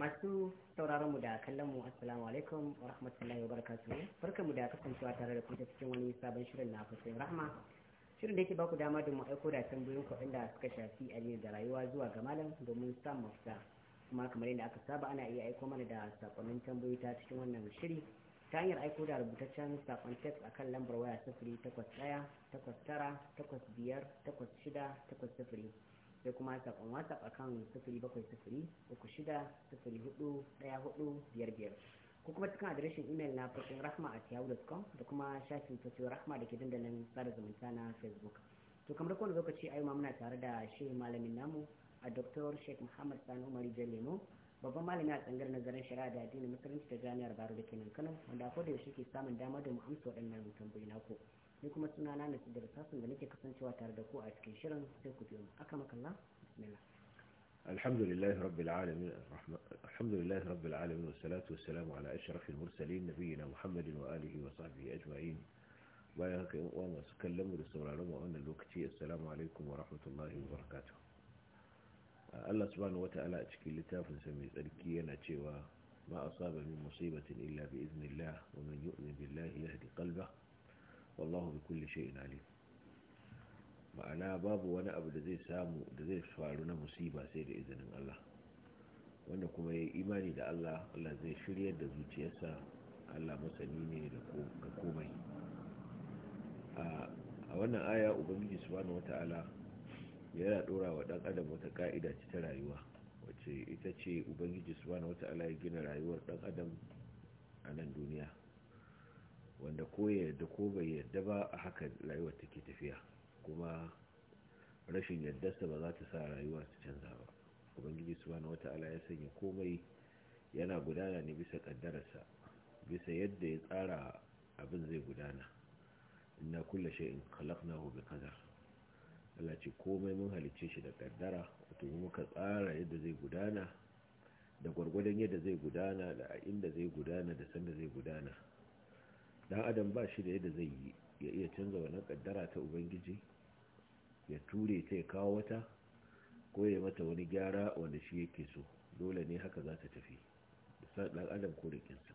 masu sauraron mu da kallon mu assalamu alaikum wa rahmatullahi wa barakatuhu barkan mu da kasancewa tare da ku cikin wani sabon shirin na fasin rahma shirin da yake baku dama da mu aiko da tambayoyin ku inda suka shafi aliyu da rayuwa zuwa ga malam domin sa mafita kuma kamar yadda aka saba ana iya aiko mana da sakonnin tambayoyi ta cikin wannan shiri ta hanyar aiko da rubutaccen sakon text akan lambar waya sifiri takwas ɗaya takwas tara takwas biyar takwas shida takwas sifiri sai kuma saƙon whatsapp akan biyar ko kuma cikin adireshin imel na fashin rahma a tiyawu.com da kuma shafin fashin rahma da ke dandalin sada zumunta na facebook to kamar kowane lokaci a yau ma muna tare da shehu malamin namu a dr sheikh muhammad sani umar lemo babban malami a tsangar nazarin shari'a da addini musulunci da jami'ar baro da kenan kano wanda a kodayaushe yaushe ke samun damar da mu amsa waɗannan tambayi naku ni kuma suna na nasu da lissafin da nake kasancewa tare da ku a cikin shirin sai ku biyo aka makalla bismillah الحمد لله رب العالمين الحمد لله رب العالمين والصلاة والسلام على أشرف المرسلين نبينا محمد وآله وصحبه أجمعين بيانك وما سكلموا لسولارهم وأن الوقت السلام عليكم ورحمة الله وبركاته الله سبحانه وتعالى أشكي لتاف سمي تركيا نتشوى ما أصاب من مصيبة إلا بإذن الله ومن يؤمن بالله يهدي قلبه wallahu bi kulli shay'in alim ma'ana babu wani abu da zai samu da zai faru na musiba sai da izinin Allah wanda kuma ya imani da Allah Allah zai shiryar da zuciyarsa Allah masani ne da komai a wannan aya ubangiji subhanahu wata'ala yana dora wa dan adam wata ka'ida cita ta rayuwa wacce ita ce ubangiji subhanahu wata'ala ya gina rayuwar dan adam a nan duniya wanda ko ya yarda ko bai yarda ba a haka rayuwar take tafiya kuma rashin yardarsa ba za ta sa rayuwa ta canza ba ubangiji wata ala ya sanya komai yana gudana ne bisa kaddararsa bisa yadda ya tsara abin zai gudana inna kullu shay'in khalaqnahu bi qadar Allah ce komai mun halicce shi da kaddara wato muka tsara yadda zai gudana da gwargwadon yadda zai gudana da inda zai gudana da sanda zai gudana dan adam ba shi da yadda zai yi ya iya canza wannan kaddara ta ubangiji ya ture ta ya kawo wata ko ya mata wani gyara wanda shi yake so dole ne haka za ta tafi san dan adam ko rikinsa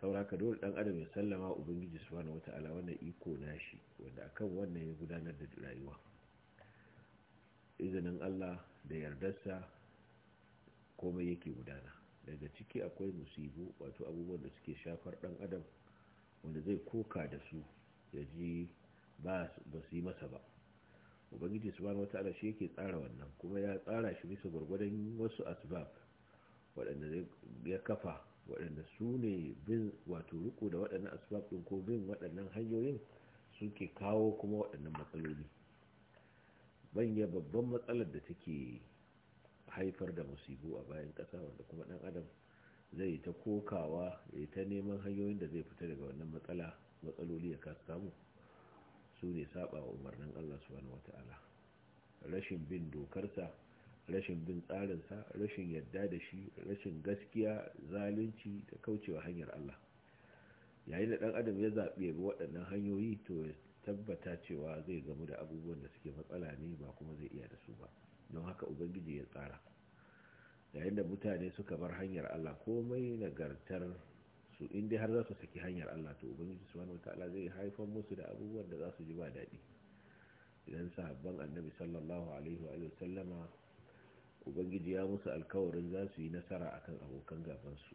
sauraka dole dan adam ya sallama ubangiji subhanahu wata'ala wannan iko shi wanda akan wannan ya gudanar da rayuwa izinin Allah da yardarsa komai yake gudana daga ciki akwai musibu wato abubuwan da suke shafar dan adam wanda zai koka da su ya ji ba su yi masa ba ubangiji wata wataala shi yake tsara wannan kuma ya tsara shi bisa gwargwadon wasu asbab waɗanda ya kafa waɗanda su ne bin wato riko da waɗannan asbab ɗin ko bin waɗannan hanyoyin suke kawo kuma waɗannan matsaloli banya babban matsalar da take haifar da musibu a bayan ƙasa wanda kuma ɗan adam zai ta kokawa ya ta neman hanyoyin da zai fita daga wannan matsala matsaloli ya kasa samu su ne saba wa umarnin Allah su wani wata'ala rashin bin dokarsa rashin bin tsarinsa rashin yadda da shi rashin gaskiya zalunci da kaucewa hanyar Allah yayin da dan adam ya zaɓi ya waɗannan hanyoyi to ya tabbata cewa zai gamu da abubuwan da suke matsala ne ba kuma zai iya da su ba don haka ubangiji ya tsara yayin da mutane suka bar hanyar Allah komai nagartar su inda har za su saki hanyar Allah to ubangiji subhanahu wataala zai haifar musu da abubuwan da za su ji ba daɗi idan sahabban annabi sallallahu alaihi wa sallama ubangiji ya musu alkawarin za su yi nasara akan abokan gabansu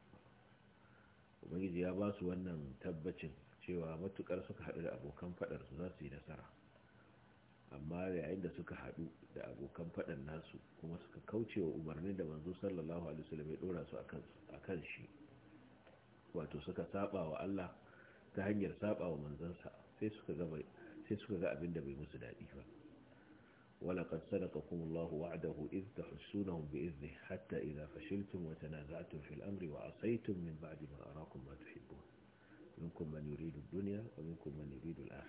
ubangiji ya ba su wannan tabbacin cewa matukar suka haɗu da abokan faɗarsu za su yi nasara amma yayin da suka haɗu da abokan faɗin nasu kuma suka kauce wa umarni da manzo sallallahu alaihi wasallam ya dora su akan shi wato suka saba wa Allah ta hanyar saba wa manzansa sai suka ga sai abin da bai musu dadi ba wala qad sadaqakum Allah wa'adahu idh tahsunuhum bi idhni hatta idha fashiltum wa tanaza'tum fil amri wa asaytum min ba'di ma araakum ma tuhibbun minkum man yuridu ad-dunya wa minkum man yuridu al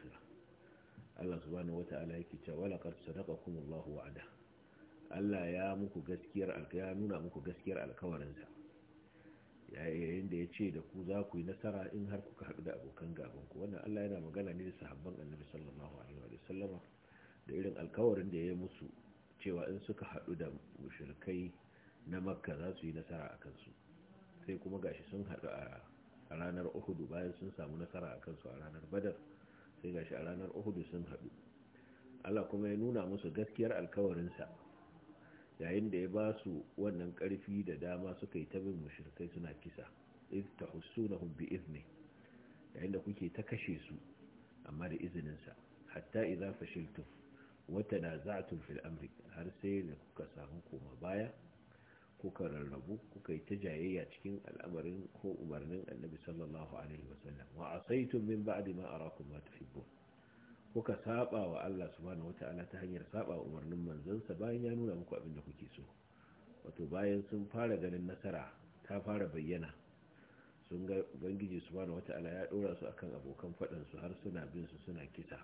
Allah subhanahu wata'ala yake cewa wala qad sadaqakum Allahu wa'ada Allah ya muku gaskiyar nuna muku gaskiyar alƙawarin alkawarinsa yayin da yace da ku za ku yi nasara in har kuka haɗu da abokan gabanku wannan Allah yana magana ne da sahabban annabi sallallahu alaihi wa sallama da irin alƙawarin da ya yi musu cewa in suka haɗu da mushrikai na makka za su yi nasara a kansu sai kuma gashi sun haɗu a ranar uhudu bayan sun samu nasara a kansu a ranar badar sai gashi a ranar uhudu sun haɗu Allah kuma ya nuna musu gaskiyar alkawarinsa yayin da ya ba su wannan ƙarfi da dama suka yi ta bin mushrikai suna kisa ta husu na bi izni yayin da kuke ta kashe su amma da izinin sa hatta idza fashiltum wa tanaza'tum fil amri har sai da kuka samu koma baya kuka rarrabu kuka yi ta jayayya cikin al'amarin ko umarnin annabi sallallahu alaihi wasallam wa asaitu min ba'di ma arakum ma tuhibbu kuka saba wa Allah subhanahu wata'ala ta hanyar saba wa umarnin sa bayan ya nuna muku abin da kuke so wato bayan sun fara ganin nasara ta fara bayyana sun ga Bangiji subhanahu wata'ala ya dora su akan abokan fadan su har suna bin su suna kisa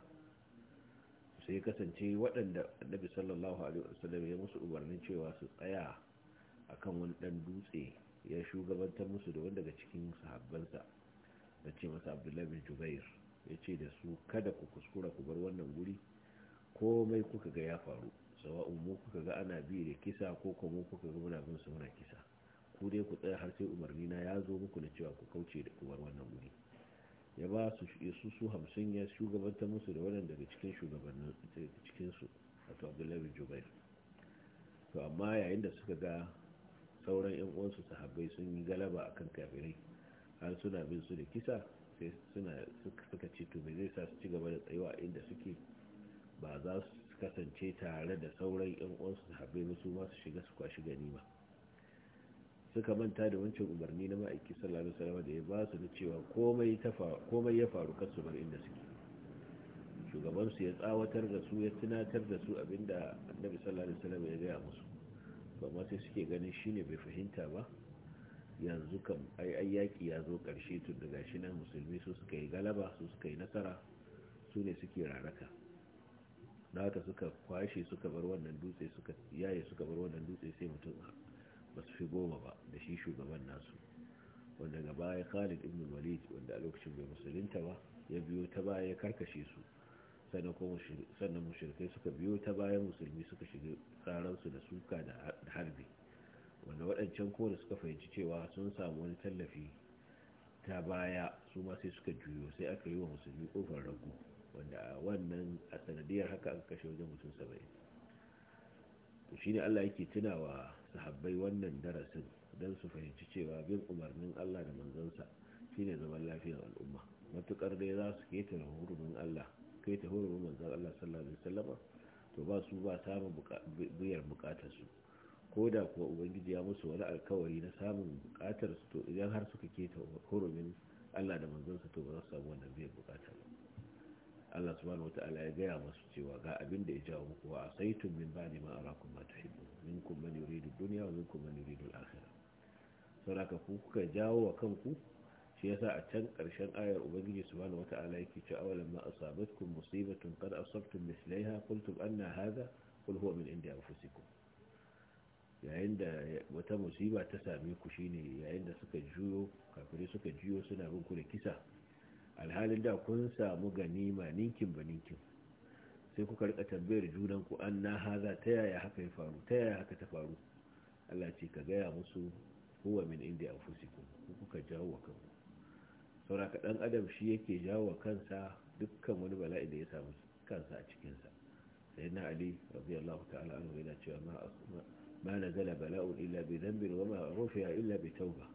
sai kasance waɗanda annabi sallallahu alaihi wasallam ya musu umarnin cewa su tsaya akan wani ɗan dutse ya shugabantar musu da wani daga cikin sahabbansa da ce masa abdullahi bin jubair ya ce da su kada ku kuskura ku bar wannan guri komai kuka ga ya faru sawa'un mu kuka ga ana bi da kisa ko kuma kuka ga muna bin su muna kisa ku dai ku tsaya har sai umarni na ya zo muku na cewa ku kauce da ku bar wannan guri ya ba su su su hamsin ya shugabantar musu da wani daga cikin shugabannin cikin su wato abdullahi bin jubair to amma yayin da suka ga sauran yan uwansu sahabbai sun yi galaba akan kafirai har suna bin su da kisa sai suna suka ce to me zai sa su ci gaba da tsayuwa inda suke ba za su kasance tare da sauran yan uwansu sahabbai ba su ma su shiga su kwashi ganima suka manta da wancan umarni na ma'aiki sallallahu alaihi wasallam da ya ba su da cewa komai ta komai ya faru kasu bar inda suke shugaban su ya tsawatar da su ya tunatar da su abinda annabi sallallahu alaihi wasallam ya gaya musu ba mata sai suke ganin shine bai fahimta ba yanzu kam ai ya zo karshe tun daga shi nan musulmi su suka yi galaba su suka yi nasara su ne suke raraka na haka suka kwashe suka bar wannan dutse suka yaye suka bar wannan dutse sai mutum ba su fi goma ba da shi shugaban nasu wanda gaba ya khalid ibn walid wanda a lokacin bai musulunta ba ya biyo ta baya ya karkashe su sannan mushirkai suka biyo ta bayan musulmi suka shiga tsaransu da suka da harbi wanda waɗancan kone suka fahimci cewa sun samu wani tallafi ta baya su ma sai suka juyo sai aka yi wa musulmi ƙofar rago wanda a wannan a sanadiyar haka aka kashe wajen mutum saba'in to shi ne allah yake wa sahabbai wannan darasin don su fahimci cewa bin umarnin allah da manzansa shine zaman lafiyar al'umma matukar dai za su ketare hurumin allah kai ta wurin manzan Allah sallallahu alaihi wasallama to ba su ba samun biyar bukatar su ko da kuwa ubangiji ya musu wani alkawari na samun bukatar su to idan har suka ke hurumin Allah da manzonsa to ba za su samu wannan biyar bukatar ba Allah subhanahu wataala ya gaya masu cewa ga abin da ya jawo muku wa asaitum min ba'di ma arakum ma tuhibbun minkum man yuridu dunya wa minkum man yuridu al-akhirah sauraka ku kuka jawo wa kanku shi yasa a can karshen ayar ubangiji subhanahu wata'ala yake ce awalan ma asabatkum musibatun qad asabtum mislaiha qultum anna hadha qul huwa min indi anfusikum yayin da wata musiba ta same ku shine yayin da suka juyo kafiri suka juyo suna bin ku da kisa alhalin da kun samu ganima ninkin ba ninkin sai kuka rika tambayar junan ku anna hadha haza ta yaya haka ya faru ta haka ta faru Allah ce ka gaya musu huwa min indi anfusikum ku kuka jawo kanku sauraka dan adam shi yake jawo kansa dukkan wani bala'i da ya samu kansa a cikinsa sai na ali allah ta'ala an yana cewa ma ma zala bala'un illa bi dhanbin wa ma rufiya illa bi tauba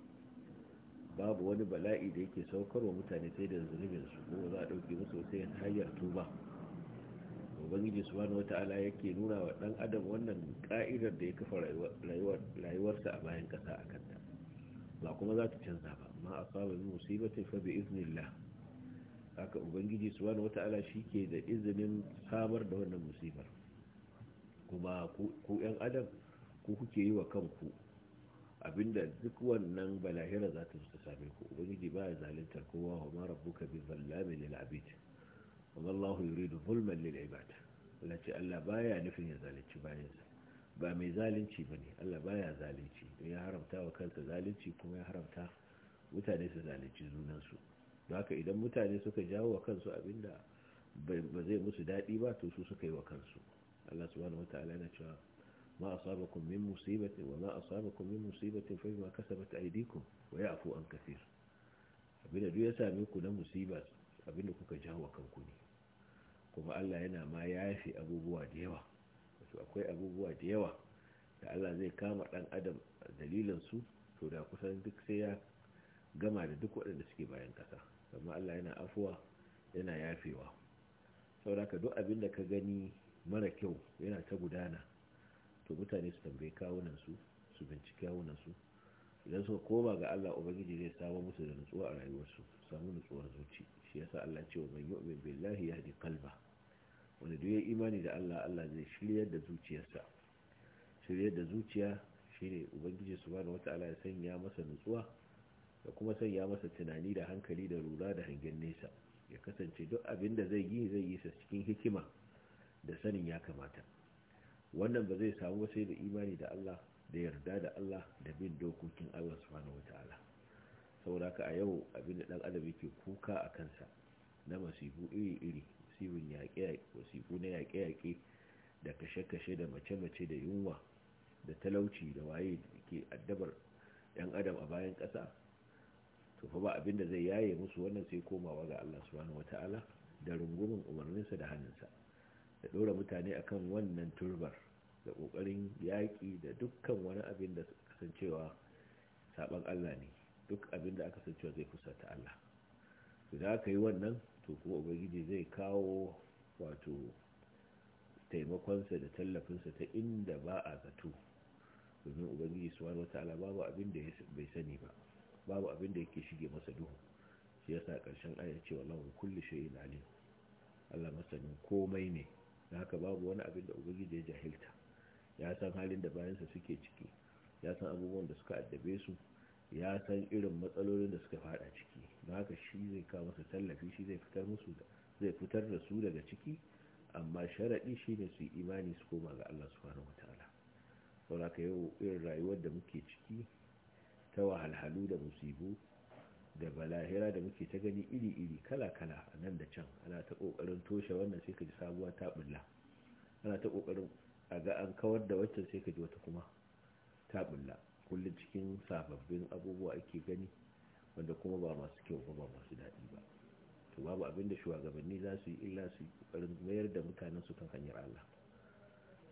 babu wani bala'i da yake saukar wa mutane sai da zunubin su ko za a dauke musu sai hanyar tuba ubangiji subhanahu ta'ala yake nuna wa ɗan adam wannan ka'idar da ya kafa rayuwarsa a bayan kasa a kanta ba kuma za ta canza ba ma saba min musibatin fa bi iznillah haka ubangiji su subhanahu wata'ala ke da izinin samar da wannan musibar kuma ku yan adam ku kuke yi wa kanku abinda duk wannan balahira za ta ta same ku ubangiji baya zaluntar kowa wa ma rabbuka bi zallami lil abid wa Allahu yuridu zulman lil ibad Allah ce Allah baya nufin ya zalunci bayansa ba mai zalunci ba ne allah baya zalunci don ya haramta wa kansa zalunci kuma ya haramta mutane su zalunci junansu don haka idan mutane suka jawo wa kansu abinda ba zai musu daɗi ba to su suka yi wa kansu allah su wani wata yana cewa ma saba min musibatin wa ma saba min musibatin fa kasa kasabat aidikun wa ya'fu an su? abinda duk ya same ku na musiba abinda kuka jawo wa kanku ne kuma allah yana ma ya yafi abubuwa da yawa to akwai abubuwa da yawa da Allah zai kama dan adam dalilin su to da kusan duk sai ya gama da duk waɗanda suke bayan ƙasa amma Allah yana afuwa yana yafewa sauraka duk abin da ka gani mara kyau yana ta gudana to mutane su tambayi kawunan su su binciki kawunan su idan suka koma ga Allah ubangiji zai samu musu da nutsuwa a rayuwarsu samu nutsuwar zuci shi yasa Allah ce wa man yu'min billahi yahdi qalba wanda duk ya imani da Allah Allah zai shiryar da zuciyarsa shiryar da zuciya shine ubangiji su wata ala ya sanya masa nutsuwa da kuma sanya masa tunani da hankali da lura da hangen nesa ya kasance duk abin da zai yi zai yi sa cikin hikima da sanin ya kamata wannan ba zai samu sai da imani da Allah da yarda da Allah da bin dokokin Allah su subhanahu wataala saboda haka a yau abin da dan adam yake kuka a kansa na masifu iri-iri wasibin yaƙe wasiku na yaƙe-yaƙe da kashe-kashe da mace-mace da yunwa da talauci da waye ke addabar 'yan adam a bayan ƙasa to fa ba abinda zai yaye musu wannan sai komawa ga Allah subhanahu wata'ala da rungumin umarninsa da hannunsa da ɗora mutane akan wannan turbar da ƙoƙarin yaƙi da dukkan wani abin da kasancewa saɓan Allah ne duk abin da aka san cewa zai fusata Allah idan aka yi wannan to kuma ubangiji zai kawo wato taimakonsa da tallafinsa ta inda ba a zato domin ubangiji su wani wata'ala babu abin da bai sani ba babu abin da yake shige masa duhu shi yasa karshen ayar cewa kulle kulli shay'in alim Allah masanin komai ne da haka babu wani abin da ubangiji ya jahilta ya san halin da bayansa suke ciki ya san abubuwan da suka addabe su ya san irin matsalolin da suka fada ciki don haka shi zai kawo masa tallafi shi zai fitar musu zai fitar da su daga ciki amma sharaɗi shi ne su imani su koma ga Allah subhanahu wataala saboda ka yau irin rayuwar da muke ciki ta wahalhalu da musibu da balahira da muke ta gani iri-iri kala-kala a nan da can ana ta kokarin toshe wannan sai ka ji sabuwa ta bulla ana ta kokarin a ga an kawar da waccan sai ka ji wata kuma ta bulla kullum cikin sababbin abubuwa ake gani wanda kuma ba masu kyau ba ba masu daɗi ba to babu abinda shugabanni za su yi illa su yi ƙoƙarin mayar da mutanen su kan hanyar Allah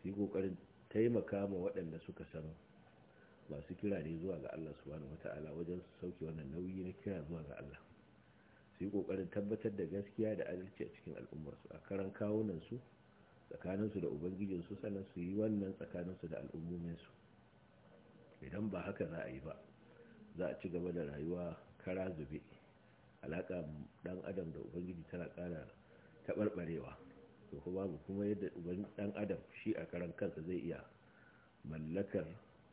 su yi kokarin taimaka ma waɗanda suka san masu kira ne zuwa ga Allah subhanahu wata'ala wajen su sauke wannan nauyi na kira zuwa ga Allah su yi ƙoƙarin tabbatar da gaskiya da adalci a cikin al'ummarsu a karan kawunan su tsakaninsu da ubangijinsu sannan su yi wannan tsakaninsu da al'ummominsu idan ba haka za a yi ba za a ci gaba da rayuwa kara zube alaƙa ɗan adam da ubangiji tana ƙara taɓarɓarewa to kuma babu kuma yadda ɗan adam shi a karan kansa zai iya mallakar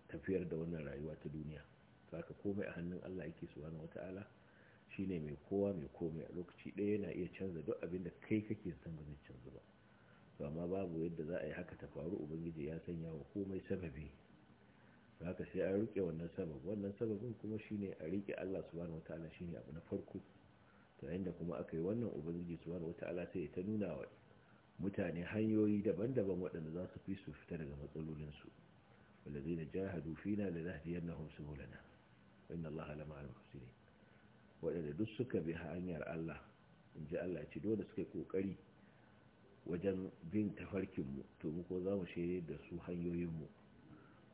tafiyar da wannan rayuwa ta duniya to haka komai a hannun Allah yake subhanahu wata'ala shine mai kowa mai komai a lokaci ɗaya yana iya canza duk abin da kai kake san ba zai canza ba to amma babu yadda za a yi haka ta faru ubangiji ya sanya wa komai sababi haka sai an rike wannan sabab wannan sababin kuma shine a rike Allah subhanahu wataala shine abu na farko to yayin da kuma aka yi wannan ubangiji subhanahu wataala sai ta nuna wa mutane hanyoyi daban-daban waɗanda za su fi su fita daga matsalolinsu والذين جاهدوا فينا لنهدينهم سبلنا وإن الله لمع ne waɗanda duk suka bi hanyar Allah in ji Allah ci dole suka yi ƙoƙari wajen bin tafarkinmu to mu ko za mu shirye da su hanyoyinmu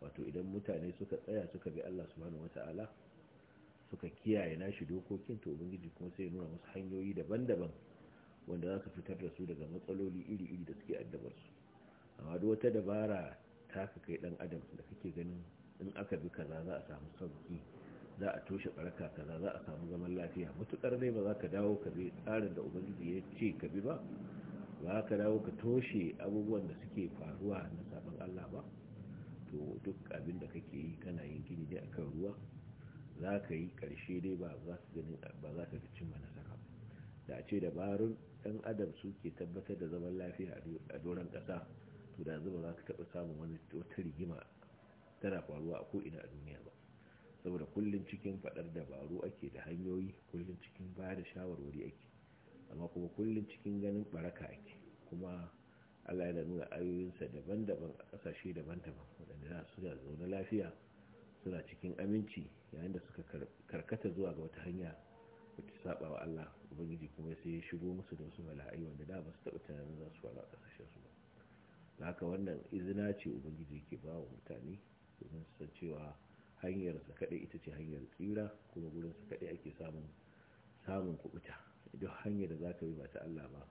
wato idan mutane suka tsaya suka bi Allah subhanahu wata'ala suka kiyaye nashi dokokin to ubangiji kuma sai ya nuna musu hanyoyi daban-daban wanda za su fitar da su daga matsaloli iri-iri da suke addabar su amma duk wata dabara ta kai dan adam da kake ganin in aka bi kaza za a samu sauki za a toshe baraka kaza za a samu zaman lafiya mutukar ne ba za ka dawo ka bi tsarin da ubangiji ya ce ka bi ba ba ka dawo ka toshe abubuwan da suke faruwa na sabon Allah ba to duk abin da kake yi kana yin gini dai kan ruwa za ka yi karshe dai ba za ka ga cimma nasara da a ce dabarun ɗan adam su ke tabbatar da zaman lafiya a doron ƙasa to da zuba za ka taɓa samun wani wata rigima tana faruwa a ko'ina a duniya ba saboda kullum cikin faɗar dabaru ake da hanyoyi kullum cikin ba da shawarwari ake amma kuma kullum cikin ganin baraka ake kuma Allah ya nuna ayoyinsa daban-daban a ƙasashe daban-daban waɗanda suna zaune lafiya suna cikin aminci yayin da suka karkata zuwa ga wata hanya ta saba wa Allah ubangiji kuma sai ya shigo musu da wasu mala'ai wanda da ba su taɓa tunanin za su a ƙasashen su ba haka wannan izina ce ubangiji ke ba wa mutane domin su san cewa hanyarsa kaɗai ita ce hanyar tsira kuma gurinsa kaɗai ake samun samun kuɓuta duk hanyar da za ka yi ba ta Allah ba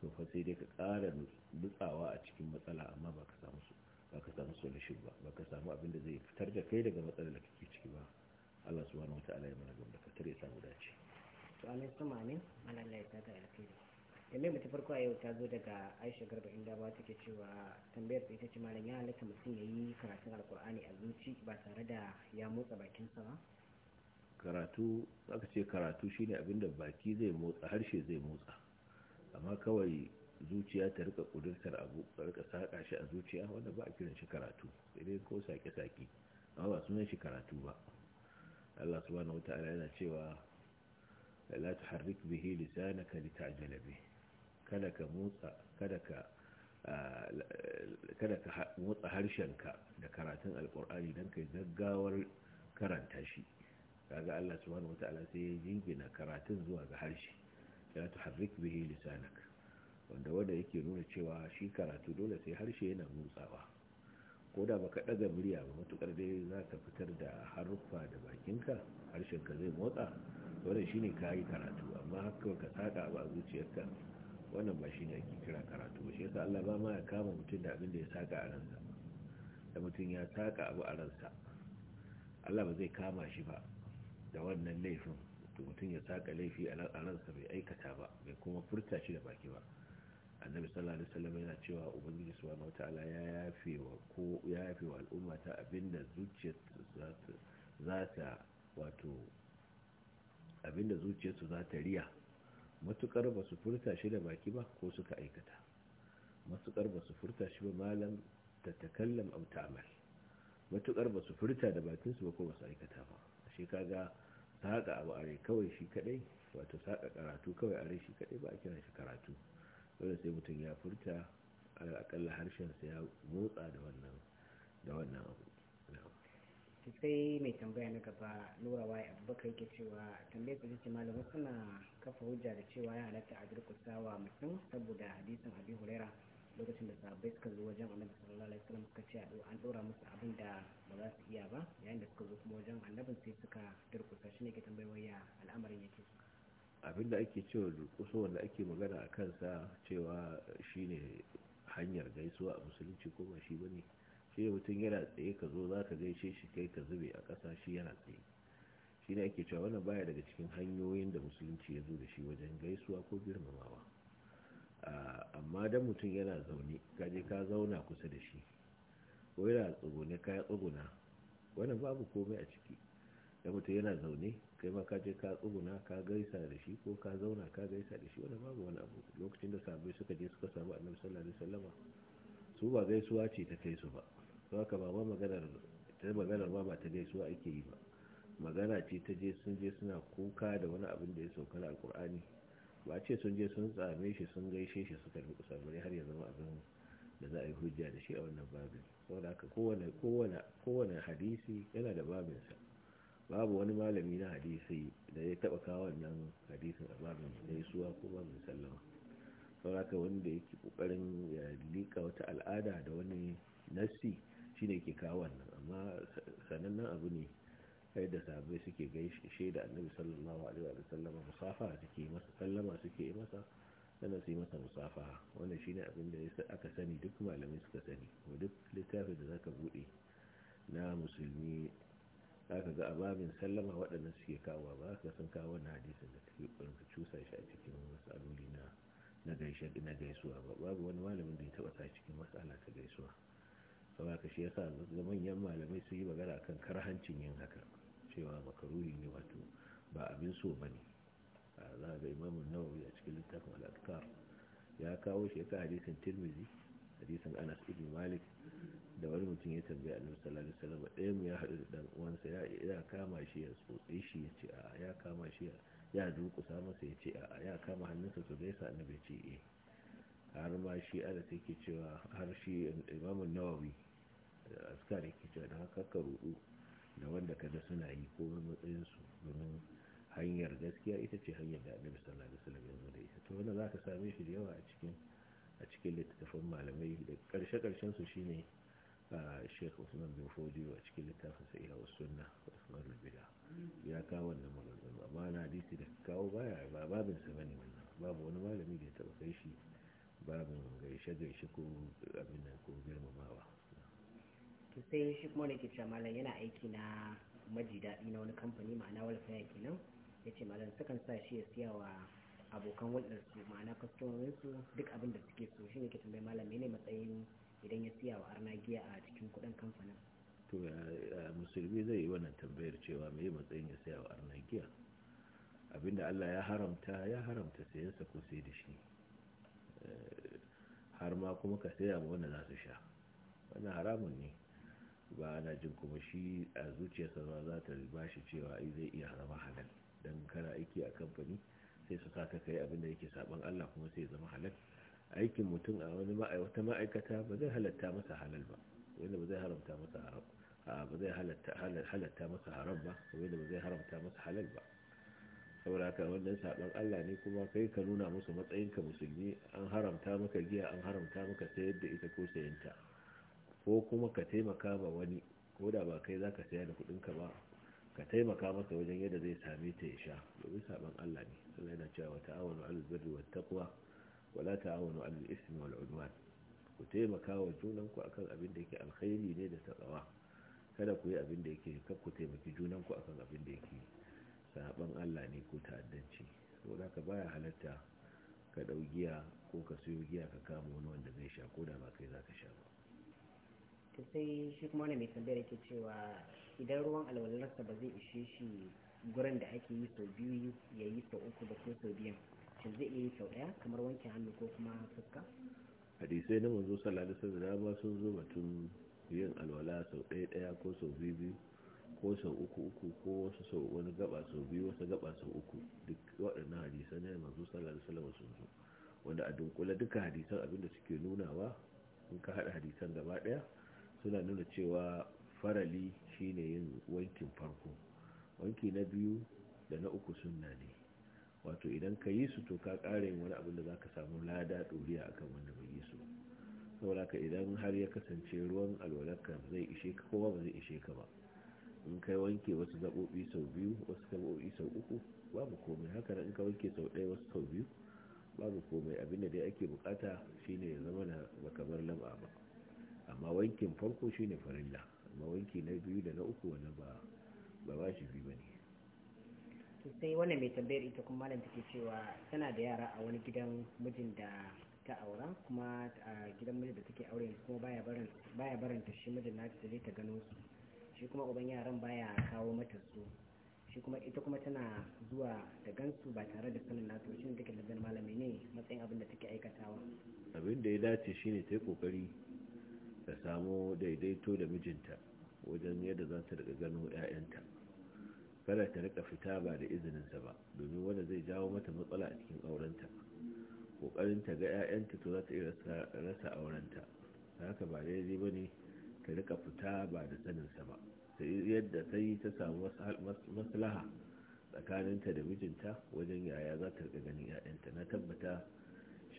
to fa sai dai ka ƙara dutsawa a cikin matsala amma ba ka samu su ba ka samu solution ba ba ka samu abin da zai fitar da kai daga matsalar da kake ciki ba Allah subhanahu wataala ya mana gaba ka tare samu dace to amin kuma amin Allah ya saka alkhairi tambayar mu farko a yau ta zo daga Aisha Garba inda ba take cewa tambayar ita ce malam ya halatta mutum yi karatun alkur'ani a zuci ba tare da ya motsa bakinsa ba karatu aka ce karatu shine abin da baki zai motsa harshe zai motsa amma kawai zuciya ta rika kudurtar abu ta rika saka shi a zuciya wanda ba a kiran shi karatu sai dai ko sake-sake amma ba sunan shi karatu ba Allah subhanahu wata'ala yana cewa la tuharrik bihi lisanaka litajala bi kada ka motsa kada ka kada ka motsa harshenka da karatun alkur'ani ka kai gaggawar karanta shi kaga Allah subhanahu wata'ala sai ya jingina karatun zuwa ga harshe ya tuharrik bihi lisanak wanda wanda yake nuna cewa shi karatu dole sai harshe yana motsawa ko da baka daga murya ba matukar dai za ka fitar da haruffa da bakinka harshenka zai motsa wannan shine yi karatu amma haka ka saka ba zuciyarka wannan ba shine ake kira karatu ba shi yasa Allah ba ma ya kama mutum da abin da ya saka a ransa da mutum ya saka abu a ransa Allah ba zai kama shi ba da wannan laifin to mutum ya saka laifi a ransa bai aikata ba bai kuma furta shi da baki ba annabi sallallahu alaihi wasallam yana cewa ubangiji subhanahu wataala ya yafe wa ko ya yafe wa al'umma ta abinda zuciyar za ta wato abinda zuciyarsu za ta riya matukar ba su furta shi da baki ba ko suka aikata matukar ba su furta shi ba malam ta takallam au ta'mal matukar ba su furta da bakinsu ba ko ba su aikata ba shi kaga saƙa abu a rai kawai shi kadai wato saƙa karatu kawai a rai shi kadai ba a kiran shi karatu dole sai mutum ya furta akalla harshensa ya motsa da wannan da abu sai mai tambaya na gaba nura wai abubakar yake cewa tambayar ta ce malamai suna kafa hujja da cewa ya halatta a durkusa wa mutum saboda hadisin abi huraira lokacin da sahabbai suka zo wajen annabi sallallahu alaihi wasallam suka ce an dora musu abin da ba za su iya ba yayin da suka zo kuma wajen annabin sai suka durkusa shine ke tambayar ya al'amarin yake abin da ake cewa durkuso wanda ake magana a kansa cewa shine hanyar gaisuwa a musulunci ko shi bane shi ne mutum yana tsaye ka zo za ka gaishe shi kai ka zube a ƙasa shi yana tsaye shi ne ake cewa wannan baya daga cikin hanyoyin da musulunci ya zo da shi wajen gaisuwa ko girmamawa amma dan mutum yana zaune kaje ka zauna kusa da shi ko yana tsugune ka ya tsuguna wani babu komai a ciki da mutum yana zaune kai ma kaje ka tsuguna ka gaisa da shi ko ka zauna ka gaisa da shi wani babu wani abu lokacin da sabai suka je suka samu annabi sallallahu alaihi wasallam su ba gaisuwa ce ta kai su ba to haka ba ma maganar ta maganar ba ba ta gaisuwa ake yi ba magana ce ta je sun je suna kuka da wani abin da ya saukar alkur'ani ba ce sun je sun tsame shi sun gaishe shi suka bi har ya zama abin da za a yi hujja da shi a wannan babin saboda haka kowane hadisi yana da babinsa babu wani malami na hadisi da ya taba kawo wannan hadisin a babin gaisuwa ko babin sallama saboda haka wanda yake kokarin ya lika wata al'ada da wani nassi shine ke kawo wannan amma sanannen abu ne ta yadda sahabbai suke gaishe da annabi sallallahu alaihi wa sallam musafa suke masa sallama suke yi masa sannan su yi masa musafa wannan shine abin da aka sani duk malamai suka sani ko duk littafin da zaka bude na musulmi zaka ga ababin sallama waɗannan suke kawo ba ka san kawo wannan hadisin da take ƙoƙarin ka cusa shi a cikin masaloli na na gaishe na gaisuwa ba babu wani malamin da ya taɓa sa cikin masala ta gaisuwa saboda ka shi yasa manyan malamai su yi magana kan karhancin yin haka cewa makaruri ne wato ba abin so ba ne za ga imamun nawawi a cikin littafin al'adkar ya kawo shi ya ka hadisin tirmizi hadisin anas ibn malik da wani mutum ya tambaya annabi sallallahu alaihi wasallam ɗaya mu ya haɗu da dan uwansa ya ya kama shi ya tsotse shi ya ce a ya kama shi ya dukusa masa ya ce a ya kama hannunsa to gaisa annabi ya ce eh. har ma shi ala take cewa har shi imamun nawawi askari ke cewa da haka ka rudu da wanda kaga suna yi ko matsayin su domin hanyar gaskiya ita ce hanyar da annabi sallallahu alaihi wasallam ya da ita to wanda zaka same shi da yawa a cikin a cikin littattafan malamai da karshe karshen su shine Sheikh Usman bin a cikin littafin sa iya sunna Usman bida ya kawo wannan ba amma na hadisi da kawo baya ba babin sa bane wannan babu wani malami da ya taba kai shi babin gaishe gaishe ko abin nan ko girmamawa to sai shi kuma wani ke cewa malam yana aiki na maji daɗi na wani kamfani ma'ana walfaya kenan ya ce malam sukan sa shi ya siya wa abokan hulɗarsu ma'ana kwastomominsu duk abin da suke so shi ne ke tambayi malam ne matsayin idan ya siya wa arna giya a cikin kuɗin kamfanin to musulmi zai yi wannan tambayar cewa me matsayin ya siya wa arna giya abinda allah ya haramta ya haramta sayansa ko sai da shi eh, har ma kuma ka saya ma wanda za su sha wannan haramun ne ba ana jin kuma shi a zuciyarsa ba za ta ba shi cewa ai zai iya zama halal don kana aiki a kamfani sai su sa ka kai abin da yake saban Allah kuma sai zama halal aikin mutum a wani wata ma'aikata ba zai halatta masa halal ba wanda ba zai haramta masa haram ba zai halatta masa haram ba wanda ba zai haramta masa halal ba saboda haka wannan saban Allah ne kuma kai ka nuna musu matsayinka musulmi an haramta maka giya an haramta maka sayar da ita ko sayanta ko kuma ka taimaka ma wani ko da ba kai za ka saya da kuɗinka ba ka taimaka masa wajen yadda zai same ta ya sha domin saban Allah ne suna yana cewa wa ta'awanu 'alal birri wat taqwa wa la ta'awanu 'alal ismi wal 'udwan ku taimaka wa junanku akan abin da yake alkhairi ne da taqwa kada ku yi abin da yake kar ku taimaki junanku akan abin da yake saban Allah ne ko ta'addanci da ka baya halatta ka dau giya ko ka siyo giya ka kama wani wanda zai sha ko da ba kai za ka sha ba to sai shi kuma wani mai tambayar yake cewa idan ruwan alwalarsa ba zai ishe shi gurin da ake yi sau biyu ya yi sau uku da ko sau biyan shi zai iya yi sau ɗaya kamar wanke hannu ko kuma fuska hadisai na manzo sallallahu alaihi wasallam sun zo batun yin alwala sau ɗaya ɗaya ko sau biyu biyu ko sau uku uku ko wasu sau wani gaba sau biyu wasu gaba sau uku duk waɗannan hadisai na manzo sallallahu alaihi wasallam sun zo wanda a dunkule duka hadisan abinda suke nunawa in ka haɗa hadisan gaba ɗaya suna nuna cewa farali shine yin wankin farko wanki na biyu da na uku sunna ne wato idan ka yi su to ka kare wani abin da za ka samu lada ɗoriya a kan wanda bai yi su saboda ka idan har ya kasance ruwan alwalarka zai ishe ka kowa ba zai ishe ka ba in kai wanke wasu zaɓoɓi sau biyu wasu zaɓoɓi sau uku babu komai haka in ka wanke sau ɗaya wasu sau biyu babu komai abin da dai ake bukata shine ya zama na baka bar lam'a ba amma wankin farko shine farilla amma wanki na biyu da na uku wani ba ba shi wajibi ba ne. sai wani mai tambayar ita kuma malam take cewa tana da yara a wani gidan mijin da ta aura kuma a gidan mijin da take aure kuma baya barin baya barin ta shi mijin nata ta je ta gano su shi kuma uban yaran baya kawo mata su shi kuma ita kuma tana zuwa da gansu ba tare da sanin nasu shi ne take da malami ne matsayin abin da take aikatawa abin da ya dace shine ta yi kokari ta samu daidaito da mijinta wajen yadda za ta daga gano 'ya'yanta kada ta rika fita ba da izininsa ba domin wanda zai jawo mata matsala a cikin aurenta kokarin ta ga 'ya'yanta to za ta iya rasa aurenta haka ba daidai ba ne ta rika fita ba da saninsa ba sai yadda ta yi ta samu maslaha tsakaninta da mijinta wajen yaya za ta rika ganin 'ya'yanta na tabbata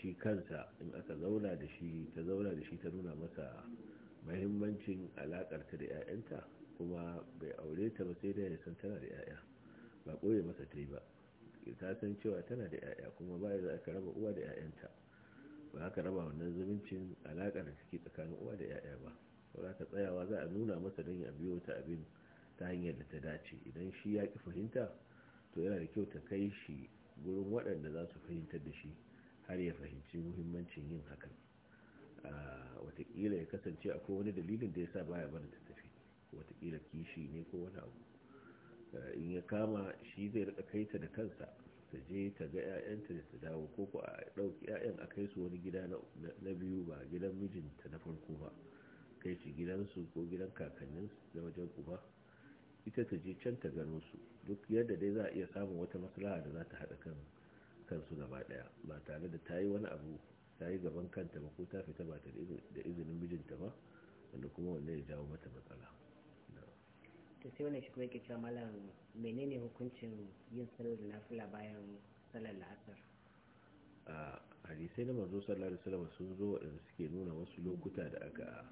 shi kansa in aka zauna da shi ta zauna da shi ta nuna masa mahimmancin ta da 'ya'yanta kuma bai aure ta ba sai da ya san tana da 'ya'ya ba koye masa ta yi ba ta san cewa tana da 'ya'ya kuma ba za ka raba uwa da 'ya'yanta ba ka raba wannan zumuncin alakar da take tsakanin uwa da 'ya'ya ba za ka tsayawa za a nuna masa don ya biyo ta abin ta hanyar da ta dace idan shi ya ki fahimta to yana da kyau ta kai shi gurin waɗanda za su fahimtar da shi har ya fahimci muhimmancin yin hakan watakila ya kasance akwai wani dalilin da ya sa baya barin ta tafi watakila kishi ne ko wani abu in ya kama shi zai rika kai ta da kansa ta je ta ga 'ya'yanta da ta dawo ko ku a ɗauki 'ya'yan a kai su wani gida na biyu ba gidan mijinta na farko ba kai shi gidansu ko gidan kakanninsu na wajen uba ita ta je can ta gano su duk yadda dai za a iya samun wata maslaha da za ta haɗa kan kansu gaba daya ba tare da ta yi wani abu ta yi gaban kanta ba ko ta fita ba da izinin mijinta ba wanda kuma wanda ya jawo mata matsala to sai wani shi kuma yake cewa malam menene hukuncin yin sallar nafila bayan sallar la'asar a hadisai na mazo salar da salama sun zo waɗanda suke nuna wasu lokuta da aka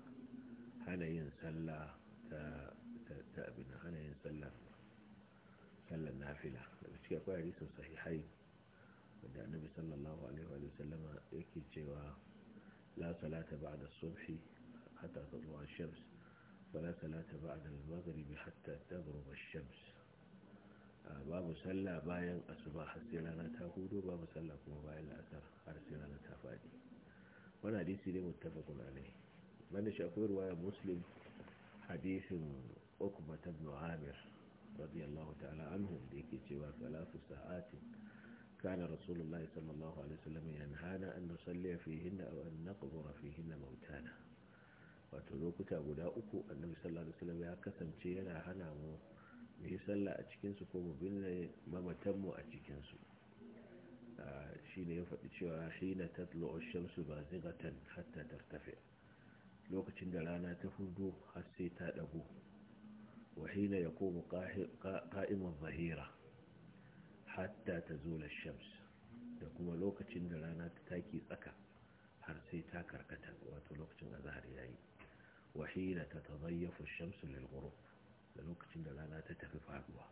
hana yin sallah ta ta abin hana yin sallar sallar nafila da cikin akwai hadisin sahihai da annabi sallallahu alaihi wa sallama yake cewa la salata ba'da subhi hatta tadlu ash-shams wa la salata ba'da al-maghrib hatta taghrub ash-shams babu salla bayan asuba har sai rana ta hudu babu salla kuma bayan asar har sai rana ta fadi wannan hadisi ne muttafaqun alaihi banda shi akwai ruwaya muslim hadisin ukba ibn amir radiyallahu ta'ala anhu da yake cewa salatu sa'atin كان رسول الله صلى الله عليه وسلم ينهانا أن نصلي فيهن أو أن نقبر فيهن موتانا وتلوكتا بداؤكو النبي صلى الله عليه وسلم يا كسم تينا هنا مو yi sallah a cikinsu ko mu binne mamatanmu a cikinsu shi ne ya faɗi cewa shi na tatlo shamsu ba zigatan hatta tartafe lokacin da rana ta hudu har sai ta ɗago wahina ya koma ka'iman zahira hatta ta zo la shams da kuma lokacin da rana ta take tsaka har sai ta karkata wato lokacin azhar yayi wa hina tatadayyafu ash lil ghurub da lokacin da rana ta tafi faduwa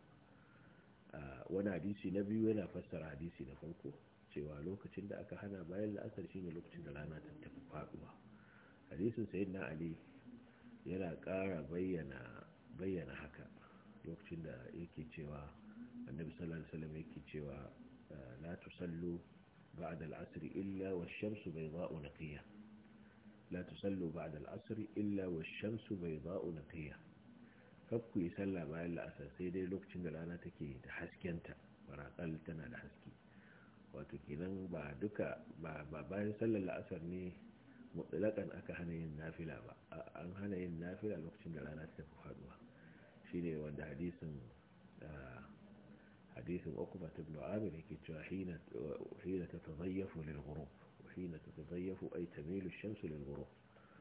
wani hadisi na biyu yana fassara hadisi na farko cewa lokacin da aka hana bayan la'asar shine lokacin da rana ta tafi faduwa hadisin sayyidina ali yana ƙara bayyana bayyana haka lokacin da yake cewa annabi sallallahu alaihi wasallam yake cewa ah, la tusallu ba'da al-asr illa wash-shamsu baydha'u naqiya la tusallu ba'da al-asr illa wash-shamsu baydha'u naqiya kakku yi sallah bayan la'asar sai dai lokacin da rana take da haskenta barakal tana da haske wato kenan ba duka ba bayan sallar la'asar ne mutsalakan aka hana yin nafila ba an hana yin nafila lokacin da rana ta tafi faduwa shine wanda hadisin ah, hadisin uqba ibn amir yake cewa hina hina tatazayyafu lil ghurub wa hina tatazayyafu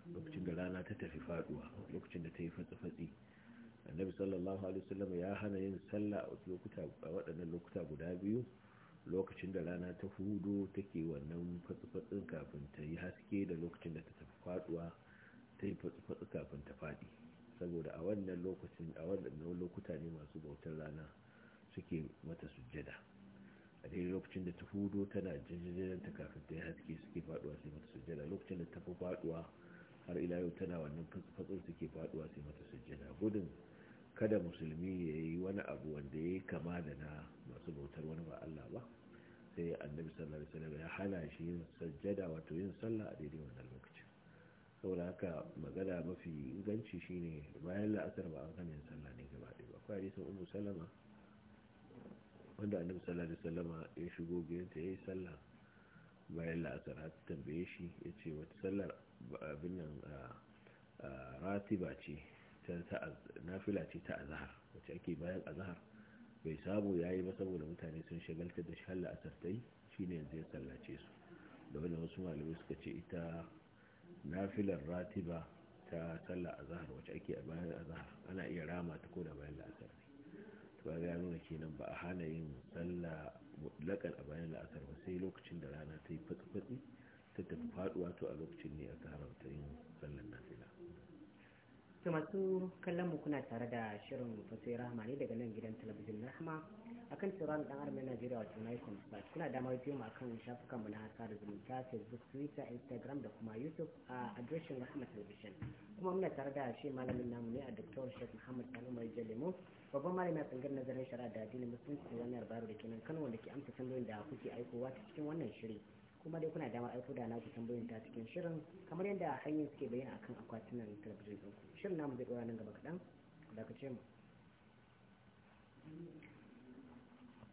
lokacin da rana ta tafi faduwa lokacin da ta yi fatsi fatsi annabi ya hana yin sallah a waɗannan lokuta guda biyu lokacin da rana ta hudu take wannan fatsi kafin ta yi haske da lokacin da ta tafi faduwa ta yi fatsi kafin ta fadi saboda a wannan lokacin a wannan lokuta ne masu bautar rana suke mata sujjada a daidai lokacin da ta hudu tana jajjajen ta kafin ta yi haske suke faduwa sai mata sujjada lokacin da ta fi faduwa har ila yau tana wannan fatsun suke faduwa sai mata sujjada gudun kada musulmi ya yi wani abu wanda ya yi kama da na masu bautar wani ba Allah ba sai annabi sallallahu alaihi wasallam ya hana shi yin sajjada wato yin sallah a daidai wannan lokacin saboda haka magana mafi inganci shine bayan la'asar ba an hana yin sallah ne gaba ɗaya ba kwari sun ummu sallama wanda annabi sallallahu alaihi wasallam ya shigo ta yayi sallah bayan la'asar har ta tambaye shi ya ce wata sallar abin ratiba ce ta nafila ce ta azhar wacce ake bayan azhar bai sabo yayi ba saboda mutane sun shagalta da shi halla asar tai shine yanzu ya sallace su da wanda wasu malamai suka ce ita nafilar ratiba ta sallar azhar wacce ake bayan azhar ana iya rama ta ko da bayan la'asar to ya nuna kenan ba a hana yin sallah mutlakan a bayan la'asar ba sai lokacin da rana ta yi fatsi-fatsi ta tafi faduwa to a lokacin ne a aka haramta yin sallar nafila to masu kallon mu kuna tare da shirin fasai rahama ne daga nan gidan talabijin na a akan tsoron dan arme najeriya wato na ikon kuna damar biyo mu akan shafukan mu na da zumunta facebook twitter instagram da kuma youtube a adireshin rahama television kuma muna tare da shi malamin namu ne a dr shek muhammad sanu mai jalemu babban malami a tsangar nazarin shari'a da addinin musulunci da wani baro da kenan kano wanda ke amsa tambayoyin da kuke aikowa ta cikin wannan shiri kuma dai kuna damar aiko da na ku tambayoyin ta cikin shirin kamar yadda hanyoyin suke bayyana akan akwatunan talabijin ɗinku shirin namu zai ɗora nan gaba kaɗan da ka ce mu